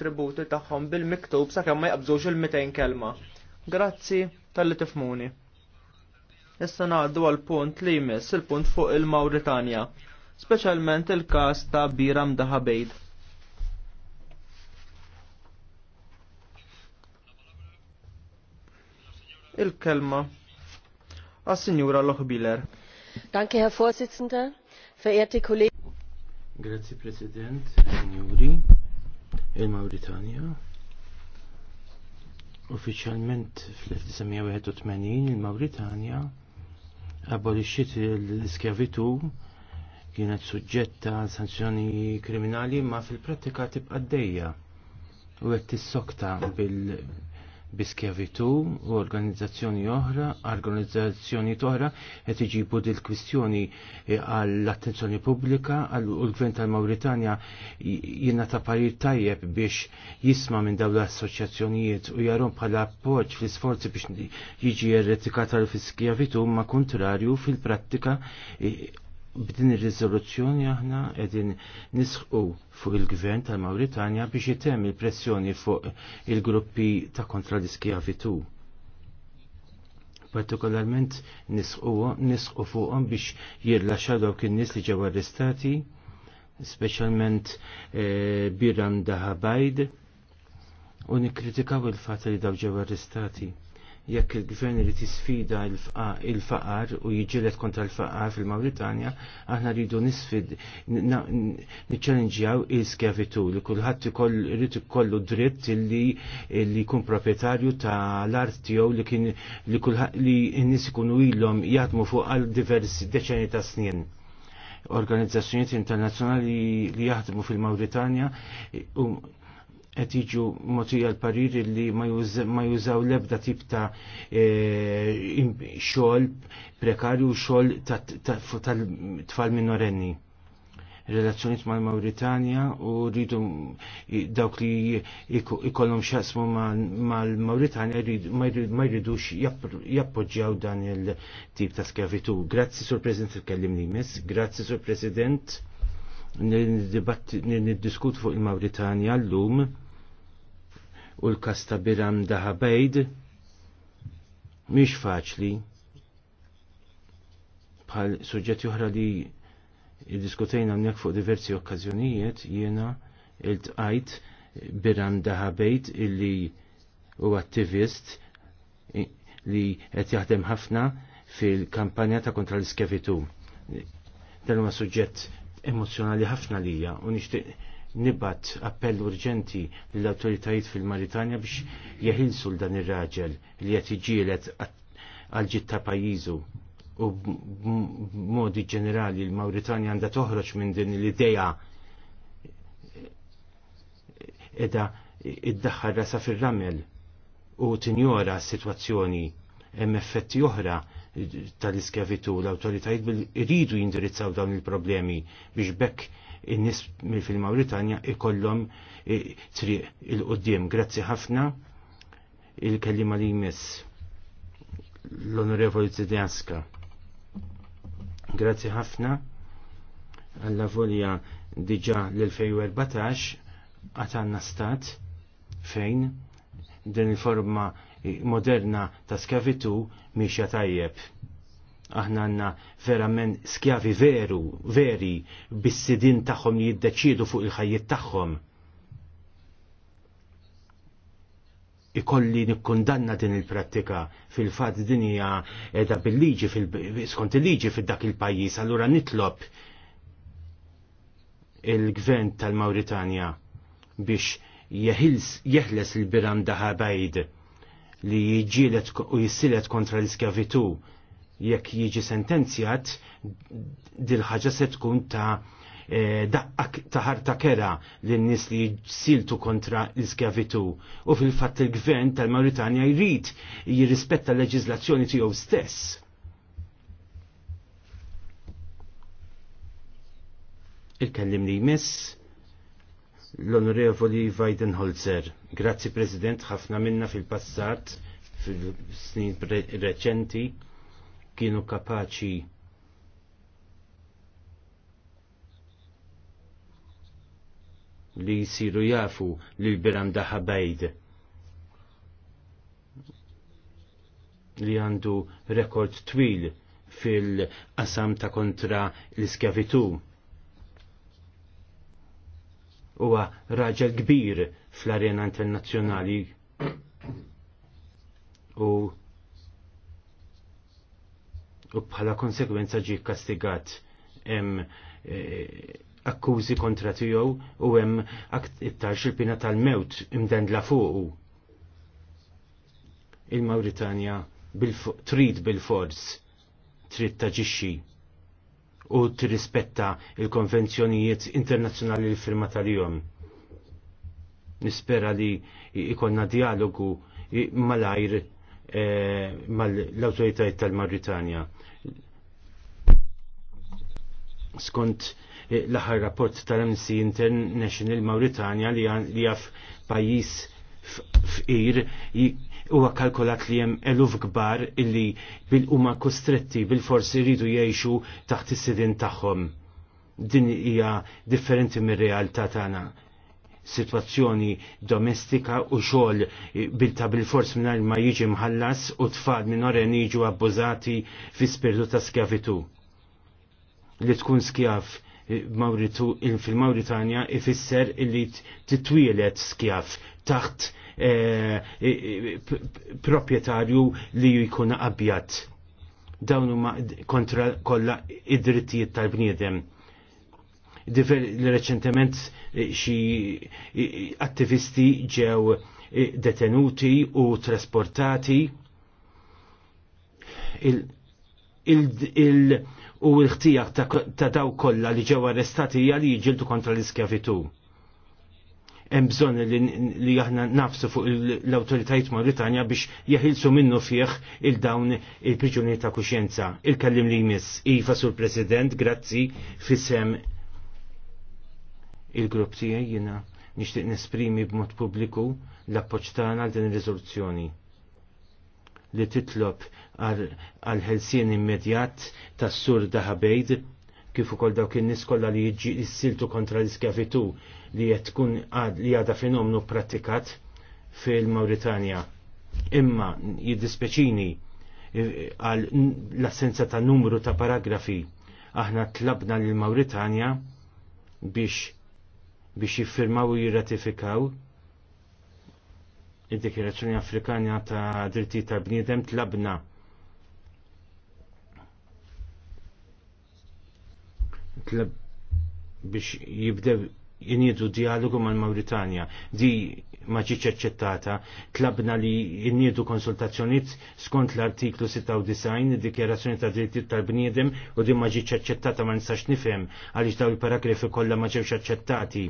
tributi tagħhom bil-miktub sakemm ma jqabżux il-200 kelma. Grazzi tal-li tifmuni. Issa ngħaddu għal punt li jmiss il-punt fuq il-Mawritanja, speċjalment il-każ ta' Biram Daħabejd. Il-kelma għas-Sinjura Lochbiller. Danke, Herr Vorsitzender, verehrte Kollegen. Grazie, President, Signori il-Mauritania. Uffiċjalment fl-1981 il-Mauritania abolixxiet l-iskjavitu kienet suġġetta għal sanzjoni kriminali ma fil-prattika tibqa' d u qed tissokta bil biskevitu u organizzazzjoni oħra, organizzazzjoni oħra qed iġibu dil kwistjoni eh, għall-attenzjoni pubblika u l-Gvern tal-Mawritanja jiena ta' parir tajjeb biex jisma' minn dawn l-assoċjazzjonijiet u jarom bħala appoġġ fl-isforzi biex jiġi erretikata l fiskjavitu ma kontrarju fil-prattika eh, b'din ir-riżoluzzjoni aħna qegħdin nisħu fuq il-gvern tal-Mawritanja biex jitem il-pressjoni fuq il-gruppi ta' kontra l-iskjavitu. Partikolarment nisqu fuqhom biex jirlaxxaw dawk in-nies li ġew arrestati, speċjalment e, Biram Dahabajd, u nikkritikaw il-fatt li daw ġew arrestati jekk il-gvern li tisfida il-faqar u jiġilet kontra l-faqar fil-Mauritania, aħna rridu nisfid, niċċelenġjaw il-skjavitu li kullħat rritu ikollu dritt li jkun proprietarju ta' l-art tiegħu li kien li kulħadd li n-nies ikunu ilhom jaħdmu fuq għal diversi deċenji ta' snin organizzazzjoniet internazzjonali li jaħdmu fil-Mauritania um, qed jiġu motija l-pariri li ma jużaw l-ebda tip ta' e, xogħol prekarju xogħol tal-tfal minorenni. Relazzjoniet mal-Mauritania u rridu dawk li ikollhom xasmu mal-Mauritania ma jridux jappoġġjaw dan il-tip ta' skjavitu. Grazzi sur President il-kellimni miss, grazzi sur President niddiskutu fuq il-Mauritania l-lum u l kasta ta' Biram Dahabejd miex faċli bħal suġġetti oħra li diskutejna hawnhekk fuq diversi okkażjonijiet jiena tqajt Biram Dahabejd illi u attivist li qed jaħdem ħafna fil-kampanja ta' kontra l skevitu Dan huwa suġġett emozjonali ħafna lija u nixtieq nibat appell urġenti l-autoritajiet fil maritania biex jeħilsu l-dan ir-raġel li qed iġielet għal-ġitt ta' pajjiżu u b'modi ġenerali l mauritania għandha toħroġ minn din l-idea edha iddaħħal rasa fir-ramel u tinjora s-sitwazzjoni hemm effetti oħra tal-iskavitu l-awtoritajiet bil iridu jindirizzaw dawn il-problemi biex bekk in-nies fil-Mawritanja ikollhom eh, triq il-qudiem. Grazzi ħafna il-kellima li jmiss l-Onorevoli Zidjanska. Grazzi ħafna għalla volja diġa l-2014 għatanna stat fejn din il-forma moderna ta' skavitu miexja tajjeb aħna għanna verament skjavi veru, veri, bis-sidin tagħhom jiddeċidu fuq il-ħajjiet tagħhom. Ikolli nikkundanna din il-prattika fil-fatt din hija qiegħda bil-liġi skont il-liġi fid-dak il-pajjiż, allura nitlob il-gvern tal-Mawritanja biex jeħles il-biram daħabajd li jġilet u jissilet kontra l skjavitu jekk jiġi sentenzjat dil-ħaġa se tkun ta' e, daqqak ta' ħarta kera lin-nies li jsiltu kontra l-skjavitu. U fil-fatt il-gvern tal-Mauritania jrid jirrispetta l leġizlazzjoni tiegħu stess. Il-kellim li jmiss l-Onorevoli Weidenholzer. Grazzi President, ħafna minna fil-passat, fil-snin reċenti kienu kapaċi li jisiru jafu li l-biram bajd li għandu rekord twil fil-qasam ta' kontra l-skjavitu. Huwa raġel kbir fl-arena internazzjonali u u bħala konsekwenza ġi kastigat hemm e, akkużi kontra tiegħu u hemm il xilpina tal-mewt imdendla fuqu. il mauritania trid bil-fors trid taġixxi u tirrispetta il-konvenzjonijiet internazzjonali l firma tal-jom. Nispera li ikonna dialogu malajr Eh, mal autoritajt tal maritania Skont eh, l-aħħar rapport tal mc International Mauritania li għaf pajis f'ir huwa kalkulat li hemm eluf kbar illi bil-huma kostretti bil-forsi jridu jgħixu taħt is-sidin tagħhom. Din hija differenti mir-realtà tagħna situazzjoni domestika u xogħol bilta bil-fors mingħajr ma jiġi mħallas u tfal minoren jiġu abbużati fi spiritu ta' skjavitu. Li tkun skjaf eh, fil-Mauritania ifisser li titwielet skjaf taħt eh, eh, proprietarju li jkun abjad. Dawn huma kontra kollha id-drittijiet tal-bniedem reċentement eh, xi eh, attivisti ġew eh, detenuti u trasportati il, il, il u l-ħtijak ta, ta' daw kollha li ġew arrestati hija li jiġildu kontra l-iskjavitu. Hemm bżonn li, li aħna nafsu fuq l-awtoritajiet Mauritanja biex jeħilsu minnu fih il-dawn il priġuni ta' kuxjenza. Il-kellim li jmiss, Iva sur President, grazzi fisem il-grupp tijaj jina nixtieq nesprimi b'mod pubbliku l-appoġġ tagħna għal din ir-riżoluzzjoni li titlob għal ħelsien immedjat tas-sur daħabejd kif ukoll dawk in-nies kollha li jiġi jissiltu kontra l-iskavitu li qed tkun li għadha fenomenu pratikat fil-Mawritanja. Imma jiddispeċini eh, għal l-assenza ta' numru ta' paragrafi aħna tlabna l-Mawritanja biex biex jiffirmaw u jirratifikaw id-Dikjerazzjoni Afrikana ta' Dritti ta' Bniedem tlabna. Tlab biex jibdew jinnidu dialogu mal-Mauritania. Di ma eċċettata, tlabna li jinnidu konsultazzjoniet skont l-artiklu 96, dikjerazzjoni ta' diritti tal-bniedem u di ma eċċettata ma nistax nifhem għaliex daw il-paragrafi kollha ma ġewx eċċettati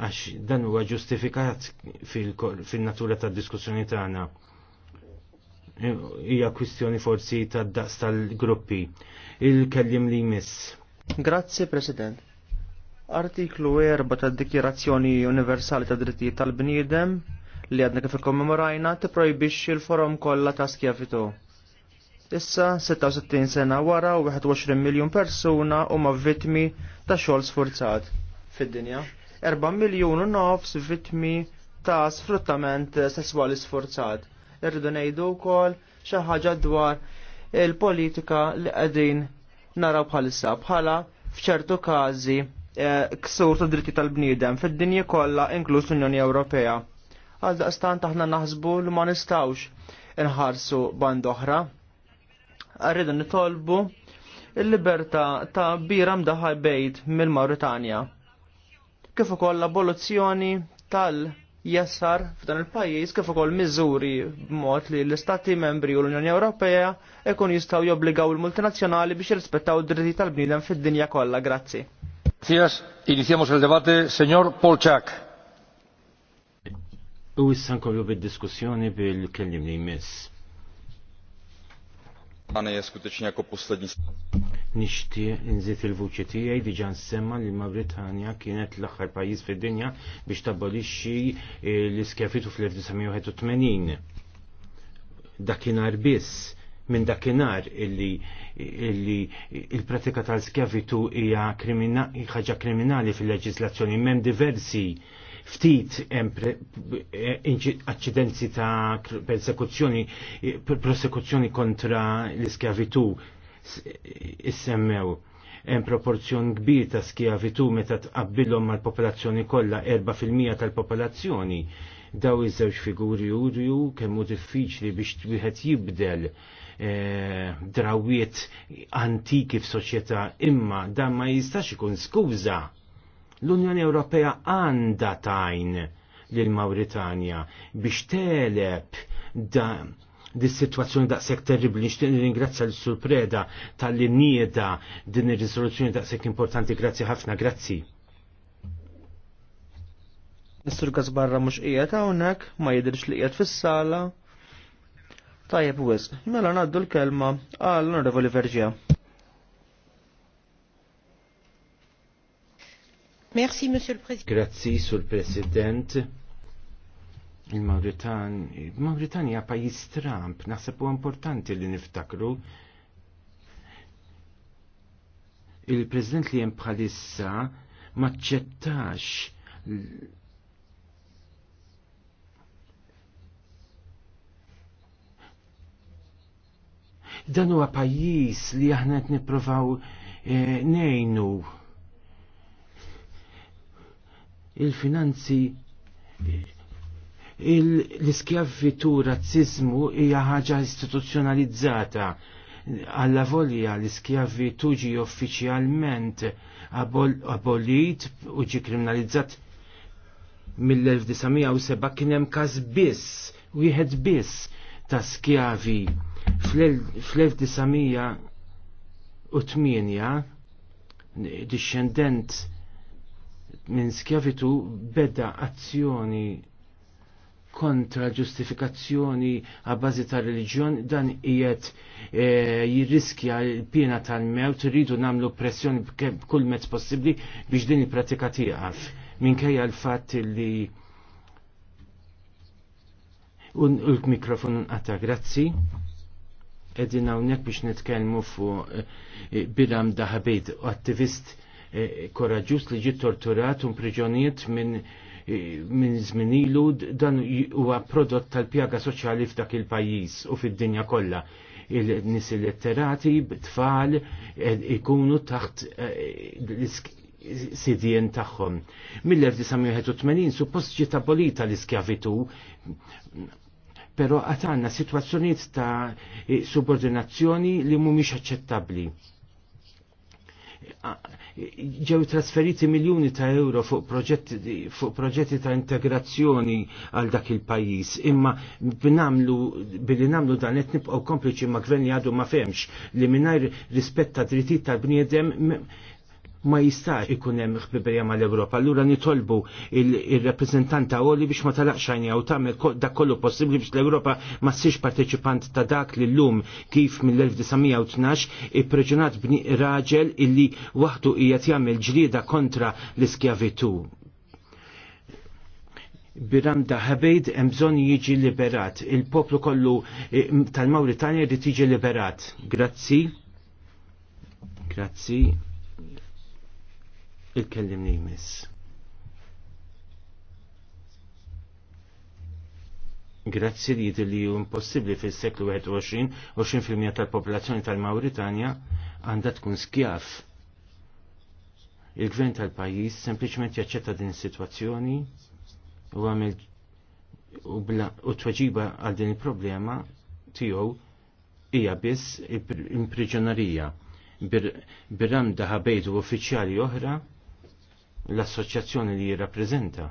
għax dan huwa ġustifikat fil-natura fil tad diskussjoni tagħna hija kwistjoni forsi tad-daqs tal-gruppi. Il-kellim li jmiss. Grazzi, President. Artiklu 4 tad Dikjerazzjoni Universali ta' Drittijiet tal-Bniedem li għadna kif ikkommemorajna tipprojbixxi l-forum kollha ta' skjavitu. Issa 66 sena wara u 21 miljun persuna huma vittmi ta' xogħol sfurzat fid-dinja. 4 miljun u nofs vittmi ta' sfruttament sesswali sforzat. Irridu ngħidu wkoll xi ħaġa dwar il-politika li qegħdin naraw bħalissa bħala f'ċertu każi Eh, ksur ta' dritti tal-bniedem fid-dinja kollha inkluż l-Unjoni Ewropea. Għal daqstan aħna naħsbu li ma nistgħux inħarsu band oħra. Rridu nitolbu il-libertà ta' Biram Daħaj Bejt mill-Mauritania. Kif ukoll l-abolizzjoni tal-jessar f'dan il-pajjiż kif ukoll miżuri b'mod li l-Istati membri u l-Unjoni Ewropea ikun jistgħu jobbligaw il-multinazzjonali biex jirrispettaw id-dritti tal-bniedem fid-dinja kollha. Grazzi. Gracias. Iniciamos U issa nkollu bid-diskussjoni bil-kellim li jmiss. Għana jeskuteċni Nishti nżid il-vuċi tiegħi diġà nsemma li Mawritania kienet l-aħħar pajjiż fid-dinja biex tabbolixxi l-iskjafitu fl-1981. Dakinhar biss minn dakinhar illi illi il-pratika tal-skjavitu hija ħaġa kriminali fil-leġislazzjoni m'hemm diversi ftit accidenzi ta' persekuzzjoni prosekuzzjoni kontra l-skjavitu issemmew hemm proporzjon kbir ta' skjavitu meta tqabbilhom mal-popolazzjoni kollha 4% tal-popolazzjoni Daw iż-żewġ figuri jurju kemm hu diffiċli biex wieħed jibdel eh, drawiet antiki f'soċjetà imma dan ma jistax ikun skuża. L-Unjoni Ewropea għandha tajn lil Mawritanja biex telep da dis situazzjoni daqshekk terribli nixtieq nirringrazzja l surpreda tal-li nieda din ir-riżoluzzjoni daqshekk importanti grazzi ħafna grazzi. Nistur Gazbarra mux qiegħed hawnhekk, ma jidhirx li qiegħed fis-sala. Tajjeb wisq, mela naddu l-kelma għal onorevoli Verġija. Merci, Monsieur le Président. Grazzi, Sur President. Il-Mauritan, il-Mauritania pajis Trump, naħseb u importanti li niftakru il-President li jem bħalissa maċċettax Dan huwa pajjiż li aħna qed nippruvaw eh, ngħinu il-finanzi l-iskjavvitu razzizmu hija ħaġa istituzzjonalizzata alla volja l-iskjavvitu ġi uffiċjalment abolit u ġi kriminalizzat mill-1907 kien hemm każ biss wieħed biss ta' skjavi fl-1908 discendent minn skjavitu beda azzjoni kontra ġustifikazzjoni bazi ta' religjon dan ijet e, eh, jirriskja l-pjena tal-mewt rridu namlu pressjoni b'kull mezz possibbli biex din il-pratika tieqaf minkejja l-fatt li un l-mikrofon unqata' grazzi edin hawnhekk biex nitkellmu fuq eh, eh, Biram Dahabid, attivist eh, koraġus li ġi torturat un prigjoniet minn minn zminilu dan huwa prodott tal-pjaga soċjali f'dak il-pajjiż u fid-dinja kollha il-nis letterati b'tfal ikunu taħt sidjen tagħhom. Mill-1981 suppost ġiet abolita l-iskjavitu pero għatanna situazzjoniet ta' e, subordinazzjoni li mumiex aċċettabli. E, ġew trasferiti miljoni ta' euro fuq proġetti, fuq proġetti ta' integrazzjoni għal dak il-pajis, imma binamlu, billi namlu dan qed nibqgħu kompliċi ma' gvern li għadu ma' femx li mingħajr rispetta ta' drittijiet tal-bniedem ma jistax ikun hemm ħbiberja mal-Ewropa. Allura nitolbu il-rappreżentanta il, il biex ma talaqx għajnija u tagħmel dak kollu possibbli biex l-Ewropa ma ssirx parteċipant ta' dak li llum kif mill-1912 ippreġunat bni raġel illi waħdu qiegħed jagħmel ġlieda kontra l-iskjavitu. Biramda Ħabejd hemm bżonn jiġi liberat. Il-poplu kollu eh, tal mauritania jrid jiġi liberat. Grazzi. Grazzi il kellimni jmiss. Grazzi li li ju impossibli fil-seklu 21, 20% tal-popolazzjoni tal-Mauritania għandha tkun skjaf. Il-gvern tal-pajis sempliċement jaċċetta din is-sitwazzjoni u għamil u tweġiba għal din il-problema tiegħu hija biss il bir-ramda ħabejdu uffiċjali oħra l-assoċjazzjoni li jirrappreżenta.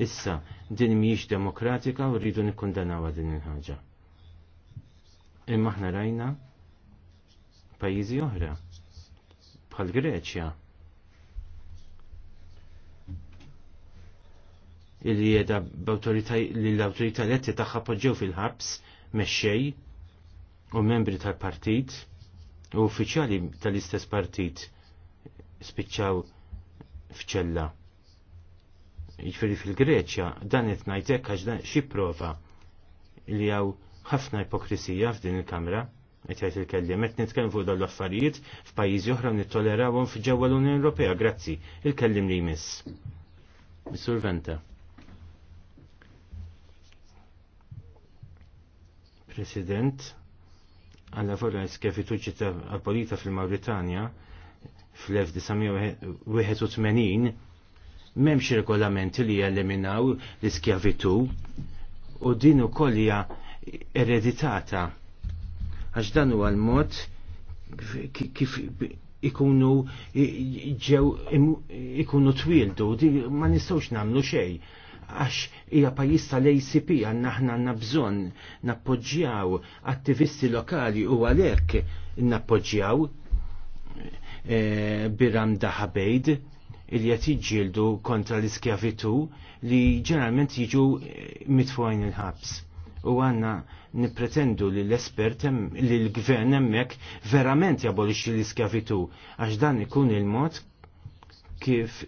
Issa, din mhijiex demokratika u rridu nikkundanawha din il-ħaġa. Imma aħna rajna pajjiżi oħra bħal Greċja. Illi jeda l-autorità letti tagħha poġġew fil-ħabs mexxej u membri tal-partit u uffiċjali tal-istess partit spiċċaw f'ċella. Jiġifieri fil-Greċja dan qed ngħidlek għax xi prova li hawn ħafna ipokrisija f'din il-Kamra qed jgħid il-kelliem qed nitkellem fuq dawn l-affarijiet f'pajjiżi oħra nittolerawhom f'ġewwa l-Unjoni Ewropea, grazzi, il-kellim li jmiss. Missur Venta. President, għalla forra skefitu ċita għal-polita fil-Mauritania, fl-1981 memx regolamenti li jeliminaw l-iskjavitu u din ukoll hija ereditata għax dan huwa l-mod kif ikunu ġew ikunu twildu ma nistgħux nagħmlu xejn għax hija pajjiż tal-ACP għandna aħna għandna bżonn nappoġġjaw attivisti lokali u għalhekk nappoġġjaw Eh, Biram Dahabejt il jiġġieldu kontra l-iskjavitu li ġeneralment jiġu eh, mitfuajn il-ħabs. U għanna nipretendu li l-espert li l-gvern hemmhekk verament jabolixxi l-iskjavitu għax dan ikun il-mod kif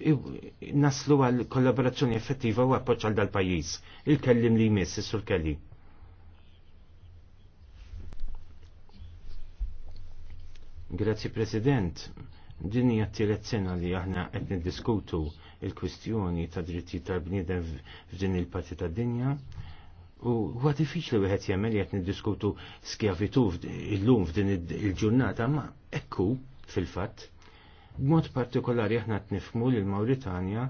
naslu għal kollaborazzjoni effettiva u appoġġ għal dal-pajjiż. Il-kellim li jmiss, is-sur kelli. Grazzi President, din hija t-tielet sena li aħna qed niddiskutu il-kwistjoni ta' dritti tal-bniedem f'din il-parti tad-dinja. U huwa diffiċli wieħed jagħmel qed niddiskutu skjavitu illum f'din il-ġurnata, ma ekku fil-fatt. B'mod partikolari aħna qed nifhmu lil Mawritanja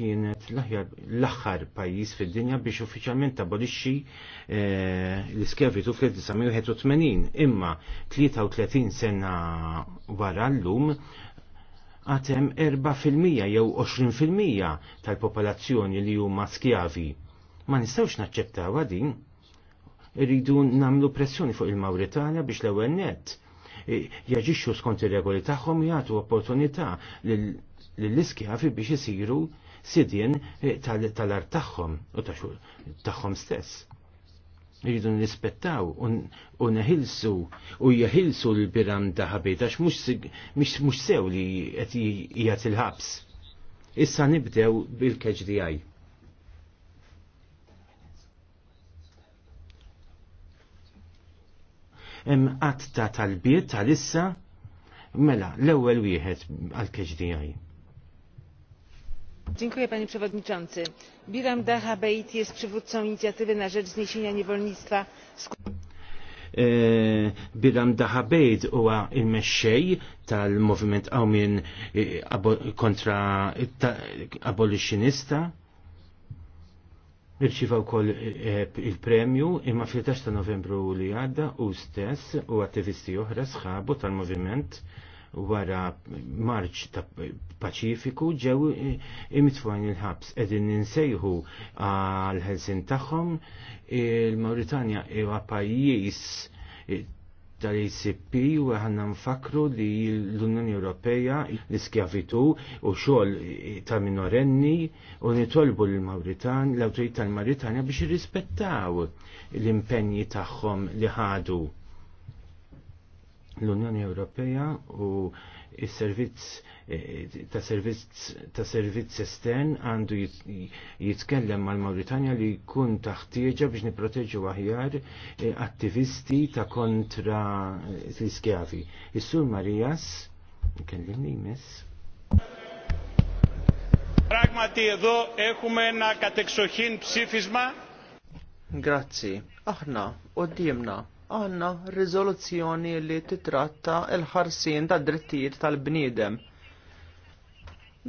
kienet l-aħħar pajjiż fid-dinja biex uffiċjalment abolixxi eh, l-iskjavitu fl-1981 imma 33 sena wara llum għatem 4% jew 20% tal-popolazzjoni li huma skjavi. Ma nistawx naċċettaw din. Irridu namlu pressjoni fuq il-Mawritana biex l-ewwel nett eh, jaġixxu skont ir-regoli tagħhom jagħtu opportunità lill-iskjavi biex isiru sidjen eh, tal-art tagħhom u tagħhom stess. Iridu nrispettaw u neħilsu u jahilsu l-biram daħabit għax mhux sew li qed jgħat il-ħabs. Issa nibdew bil għaj. Hemm għatta ta' talbiet tal-issa mela l-ewwel wieħed għal-KGDI panie przewodniczący! bilal daha bejt jest przywódcą inicjatywy na rzecz zniesienia niewolnictwa e, Biram Dahabed huwa il-mexxej tal-moviment qawmin e, kontra abolixxinista. Irċiva wkoll e, il-premju imma fil-10 ta' Novembru li għadda u stess u attivisti oħra sħabu tal-moviment wara marċ ta' paċifiku ġew imitfajn il-ħabs edin ninsejħu għal-ħelsin tagħhom il-Mauritania iwa pajjiż tal-ICP u għanna nfakru li l-Unjoni Ewropeja l-iskjavitu u xol ta' minorenni u nitolbu l-Mauritan, l-autorità tal-Mauritania biex jirrispettaw l-impenji tagħhom li ħadu l-Unjoni Ewropea u il-servizz eh, eh, ta' servizz ta' servizz estern għandu jitkellem mal mauritania li jkun taħtieġa biex niproteġu aħjar eh, attivisti ta' kontra l-iskjavi. Is-Sur Marijas, kellimni jmiss. Πράγματι εδώ έχουμε ένα κατεξοχήν ψήφισμα. Grazie. Aħna, u għanna rizoluzzjoni li titratta il-ħarsin ta' drittijiet tal-bniedem.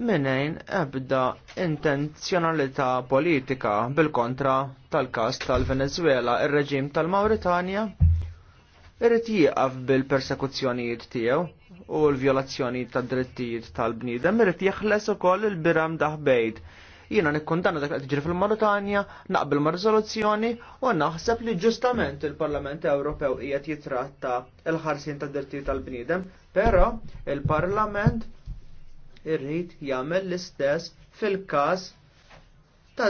Minejn ebda intenzjonalità politika bil-kontra tal-kas tal-Venezuela ir-reġim tal-Mauritania irrit jieqaf bil-persekuzzjonijiet tiegħu u l violazzjonijiet tad drittijiet tal-bniedem irrid jeħles ukoll il-biram daħbejt Jiena nikkundanna dak li tiġri fil maritania naqbel ma' riżoluzzjoni u naħseb li ġustament il-Parlament Ewropew qiegħed jitratta l-ħarsien tad dirti tal-bniedem, però il-Parlament irrid jagħmel l-istess fil-każ ta'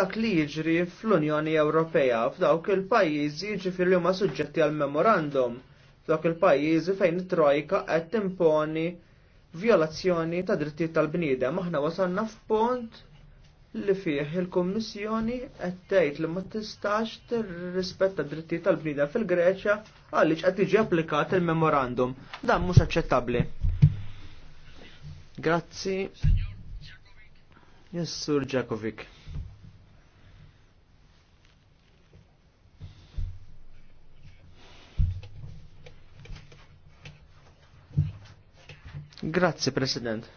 dak li jiġri fl-Unjoni Ewropea f'dawk il-pajjiżi jiġifieri li huma suġġetti għal memorandum f'dawk il-pajjiżi fejn it-trojka qed timponi violazzjoni ta' drittijiet tal-bniedem. Aħna wasalna f'punt li fih il-Kommissjoni qed tgħid li ma tistax tirrispetta d-drittijiet tal bnida fil-Greċja għaliex qed tiġi applikat il-memorandum. Dan mhux aċċettabbli. Grazzi. Jessur Djakovic. Grazie President.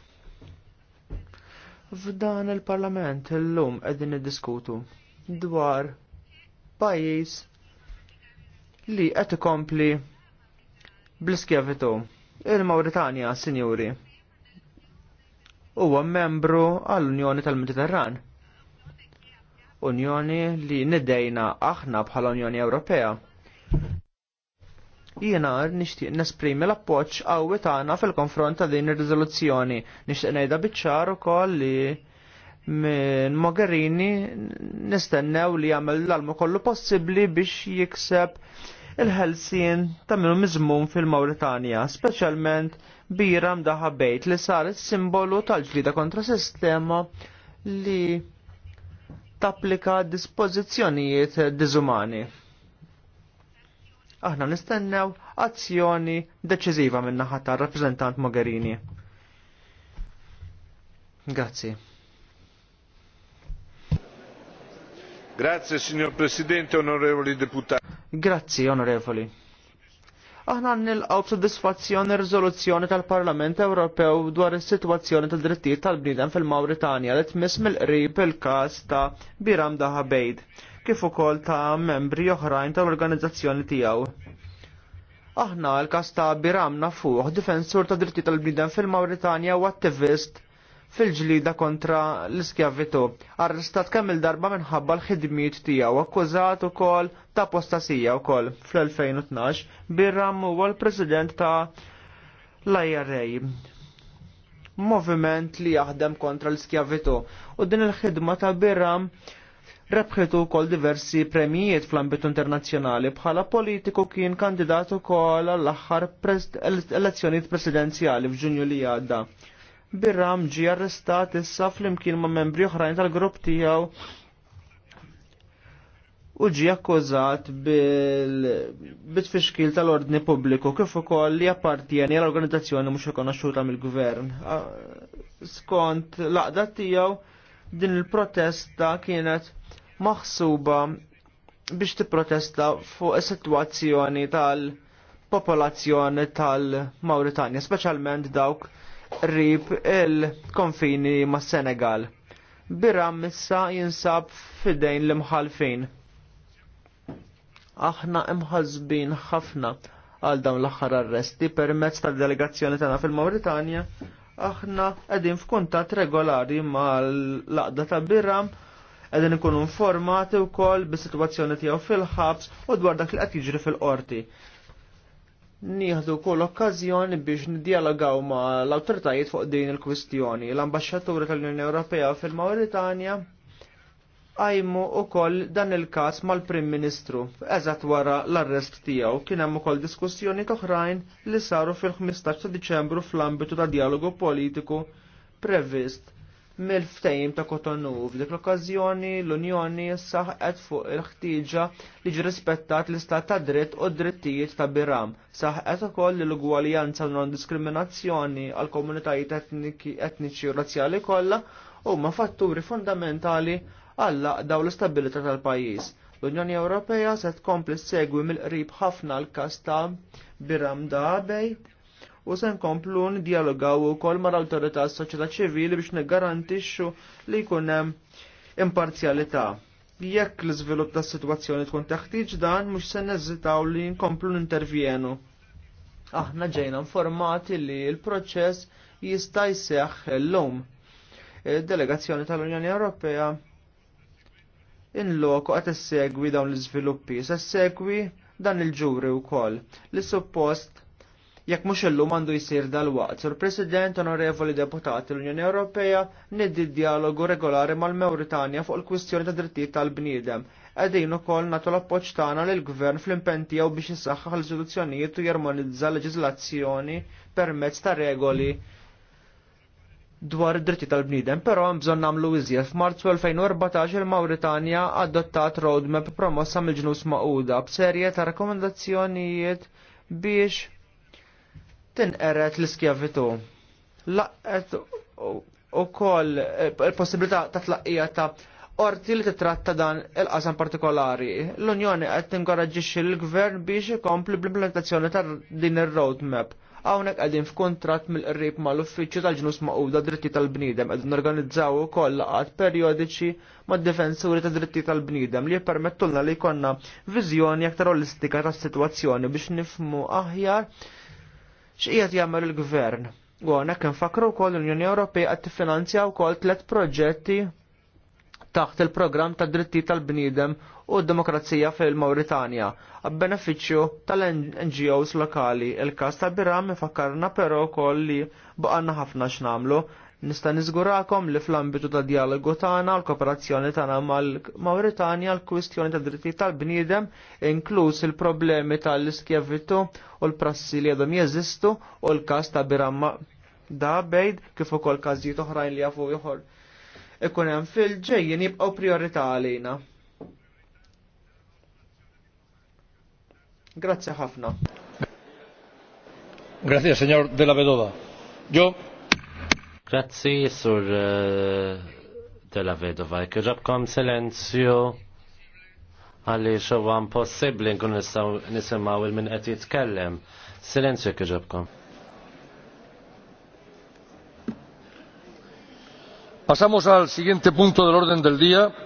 F'dan il-Parlament illum qegħdin niddiskutu dwar pajjiż li qed ikompli bl-iskjavitu il-Mawritania, sinjuri. Huwa membru għall-Unjoni tal-Mediterran. Unjoni li niddejna aħna bħala Unjoni Ewropea jiena nixtieq nesprimi l-appoġġ qawwi tagħna fil-konfront ta' din ir-riżoluzzjoni. Nixtieq ngħidha biċ-ċar ukoll li minn Mogherini nistennew li jagħmel l-almu kollu possibbli biex jikseb il-ħelsien ta' minnu miżmum fil-Mawritania, speċjalment bira mdaħa bejt li sar simbolu tal-ġlida kontra sistema li tapplika dispożizzjonijiet diżumani aħna nistennew azzjoni deċiżiva minn naħa ta' rappreżentant Mogherini. Grazzi. Grazie signor Presidente, onorevoli deputati. Grazzi onorevoli. Aħna nilqaw b'sodisfazzjoni riżoluzzjoni tal-Parlament Ewropew dwar is-sitwazzjoni tad-drittijiet tal-bniedem fil-Mawritanja li tmiss mill-qrib il-każ ta' Biram Daħabejd kif ukoll ta' membri oħrajn tal-organizzazzjoni tiegħu. Aħna l-kas ta' Biram Nafuħ, difensur ta' dritti tal bidem fil-Mauritania u attivist fil-ġlida kontra l-iskjavitu. Arrestat kemm il-darba minħabba l-ħidmiet tiegħu akkużat ukoll ta' apostasija wkoll fl-2012 Biram huwa l-President ta' l-IRA moviment li jaħdem kontra l-skjavitu u din il-ħidma ta' Biram rebħitu kol diversi premijiet fl-ambitu internazzjonali bħala politiku kien kandidatu kol għall-axħar elezzjoniet presidenziali f'Ġunju li għadda. Birram ġi arrestat issa fl-imkien ma' membri oħrajn tal-grupp tiegħu u ġi akkużat bil-tfixkil tal-ordni pubbliku kif ukoll li appartieni għall organizzazzjoni mhux ikonoxxuta mill-gvern. Skont laqda tiegħu Din il-protesta kienet maħsuba biex tipprotesta fuq is-sitwazzjoni tal-popolazzjoni tal-Mauritania, speċjalment dawk rib il-konfini mas Senegal. Biram issa jinsab fidejn l-imħalfin. Aħna imħazbin ħafna għal dawn l-aħħar arresti permezz tal-delegazzjoni tagħna fil-Mauritania aħna qegħdin f'kuntatt regolari mal-laqda ta' Birram qegħdin ikun informati wkoll bis-sitwazzjoni tiegħu fil-ħabs u dwar dak li qed jiġri fil-qorti. Nieħdu kull okkażjoni biex niddialogaw ma l-awtoritajiet fuq din il-kwistjoni. l ambasċatura tal-Unjoni Ewropea fil mauritania għajmu u koll dan il-kas mal-Prim Ministru. Eżat wara l-arrest tijaw kien hemm ukoll diskussjoni toħrajn li saru fil-15 ta' Diċembru fl-ambitu ta' dialogu politiku previst mill-ftejim ta' Kotonu. F'dik l-okkażjoni l-Unjoni saħqet fuq il-ħtieġa li ġi rispettat l-istat ta' dritt u drittijiet ta' biram. Saħqet ukoll l-ugwaljanza non-diskriminazzjoni għal komunitajiet etniċi u razzjali kollha huma fatturi fondamentali għalla daw l istabilita tal-pajjiż. L-Unjoni Ewropea se tkompli segwi mill-qrib ħafna l-kas ta' Biram Dabej u se nkomplu ndialogaw ukoll mal-awtorità soċjetà ċivili biex niggarantixxu li jkun hemm imparzjalità. Jekk l-iżvilupp tas sitwazzjoni tkun taħtieġ dan mhux se neżitaw li nkomplu intervjenu. Aħna ġejna informati li l-proċess jista' jseħħ l-lum. E, delegazzjoni tal-Unjoni Ewropea in loko għat segwi dawn l-izviluppi, sa segwi dan il-ġuri u kol, Li suppost jekk mhux illum għandu jsir dal-waqt, sur President Onorevoli Deputati l-Unjoni Ewropea niddi dialogu regolari mal-Mewritania fuq il-kwistjoni ta' drittijiet tal-bniedem. Qegħdin ukoll nagħtu l-appoġġ tagħna lil gvern fl-impenn biex jisaxħa l-istituzzjonijiet u jarmonizza leġizlazzjoni permezz ta' regoli dwar id-dritti tal-bniedem, però hemm bżonn nagħmlu iżjed. F'Marzu 2014 il-Mawritanja adottat roadmap promossa mill-ġnus maquda b'serje ta' rakkomandazzjonijiet biex tinqeret l-iskjavitu. Laqet ukoll eh, il-possibilità ta' tlaqqija ta' orti li titratta dan il-qasam partikolari. L-Unjoni qed tinkoraġġixxi l-Gvern biex ikompli bl-implementazzjoni ta' din ir-roadmap Hawnhekk qegħdin f'kuntratt mill-qrib mal-Uffiċċju tal-Ġnus Maquda Dritti tal-Bniedem qegħdin organizzaw ukoll laqgħat perjodiċi mad-difensuri ta' dritti tal-bniedem li jippermettulna li jkollna viżjoni aktar olistika tas-sitwazzjoni biex nifmu aħjar x'qiegħed jagħmel il-gvern. U hawnhekk infakru wkoll l-Unjoni Ewropea qed tiffinanzja wkoll tliet proġetti taħt il-programm ta' dritti tal-bniedem u d-demokrazija fil-Mauritania, għab-beneficju tal-NGOs lokali. Il-kas ta' Biram ifakkarna però wkoll li baqanna ħafna x'namlu. Nista' niżgurakom li fl-ambitu ta' dialogu tagħna u l-kooperazzjoni tagħna mal-Mauritania l-kwistjoni ta' dritti tal-bniedem inkluż il-problemi tal-iskjavitu u l-prassi li għadhom jeżistu u l-kas ta' Biram da' bejd kif ukoll każijiet oħrajn li jafu ieħor ikun hemm fil-ġejjin jibqgħu priorità għalina. Grazzi ħafna. Grazie, signor Della Vedova. Jo. Grazzi, sur eh, Della Vedova. ġabkom silenzju għalli għan possibli nkun nisimaw il-min qed jitkellem. Silenzju ġabkom. pasamos al siguiente punto del orden del día